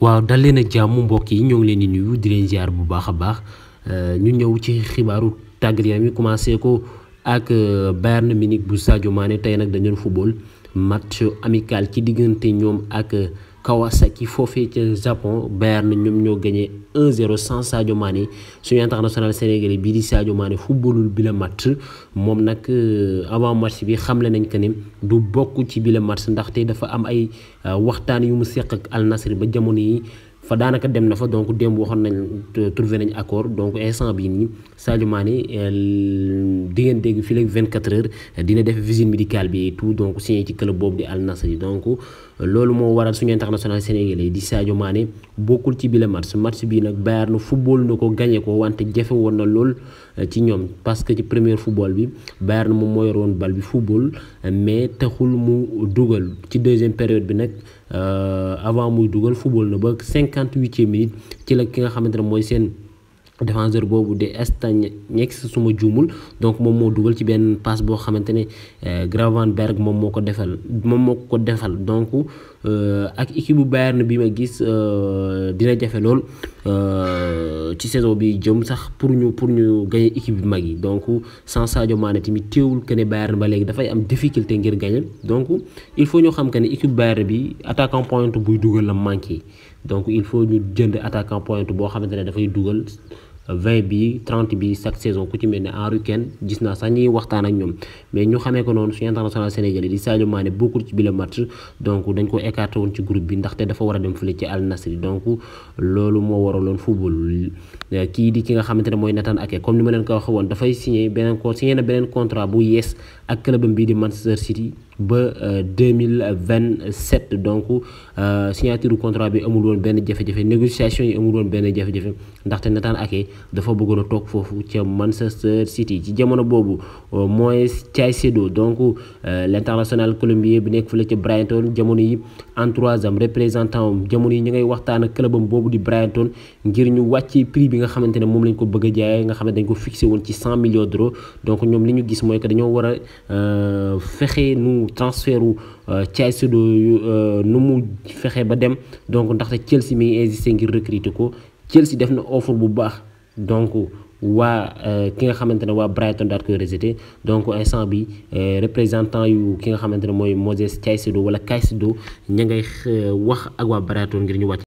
waaw dal leen ak jàmm mbokk yi ñoo ngi leen di nuyu di leen ziar bu baax a baax euh, ñu ñëw ci xibaaru tàggat yaram yi commencé ko ak euh, na Munich bu Sadio Mané tey nag dañu doon football match amical ci diggante ñoom ak. Kawasaki foofee Japon Bern nous avons gagné 1-0 sans Sadio Mané Sur international sénégalais bii Sadio Mané footballul bi la match euh, avant match bi nous nañ que du bokk ci bi la match ndaxte dafa am ay euh, waxtaan yu mu ak Al Nassr ba fa danaka dem na fa donc dem waxon nañ euh, trouver nañ accord donc instant bi nii Sadio Mané di ngeen dégg fii 24 heures euh, dina def visite médicale bi et tout donc signé ci club boobu di Al Nassr donc euh, lolu mo waral suñu international sénégalais di Sadio Mané bokul ci le match match bi nak Bayern football nako gagner ko wante jafe woon na lol ci ñom parce que ci premier football bi Bayern mo mo yor woon bal bi football mais taxul mu dougal ci deuxième période bi nag avant muy dougal football na ba 5 cinquante e minute ci la ki nga xamantene moy sen défenseur bobu de Estañex su suma juumul donc moom moo dugal ci ben passe bo xamantene ne euh, Gravenberch moom moo ko defal moom moo defal donc euh, ak équipe bu Bayern bi ma gis euh, dina lol euh, ci saison bi jëm sax pour ñu pour ñu gagner équipe bi magi donc sans Sadio Mané timi téwul que né Bayern ba da fay am difficulté ngir gagner donc il faut ñu xam que équipe Bayern bi attaquant pointe bu dugal la manqué. donc il faut ñu jënd attaquant pointe boo xamante ne dafay dugal vingt bi 30 bi chaque saison ku ci melni ne Henry gis na sax ñuy waxtaan ak ñoom mais ñu xamé ko non suñu international sénégalais di Sadio Mané beaucoup ci bi la match donc dañ ko écarté woon ci groupe bi ndaxte dafa wara dem fële ci Al Nassr donc lolu mo waraloon football euh, ki di ki nga xamantene moy mooy aké comme ni ma leen ko waxee woon dafay signé beneen ko signé na beneen contrat bu yes ak clubam bi di Manchester City ba 2027 euh, donc euh, signature contrat bi amul woon benn jafé jafé négociation yi amul woon benn jafe-jafe ndaxte Nathan Ake dafa bëggoon a toog foofu ca Manchester City ci jamono boobu euh, mooy Caicedo donc euh, l'international colombien bi nekk fële ca Brighton jamono yi en trois représentant jamono yi ñu ngay waxtaan ak clubam boobu di Brighton ngir ñu wàccee prix bi nga xamante ne moom lañ ko bëgg a nga xam ne dañ ko fixé woon ci cent millions d'euros donc ñoom li ñu gis mooy que dañoo war a euh, fexe nu transfert wu nu mu fexe ba dem donc ndaxte Chelsea mi ngi insisté ngir recruter ko Chelsea def na offre bu baax. donc waa euh, ki nga xamante ne waa Brighton daal koy rejeté donc instant bi euh, représentant yu ki nga xamante ne mooy Moisés Caicedo wala Caicedo ña ngay euh, wax ak waa Brighton ngir ñu wàcc.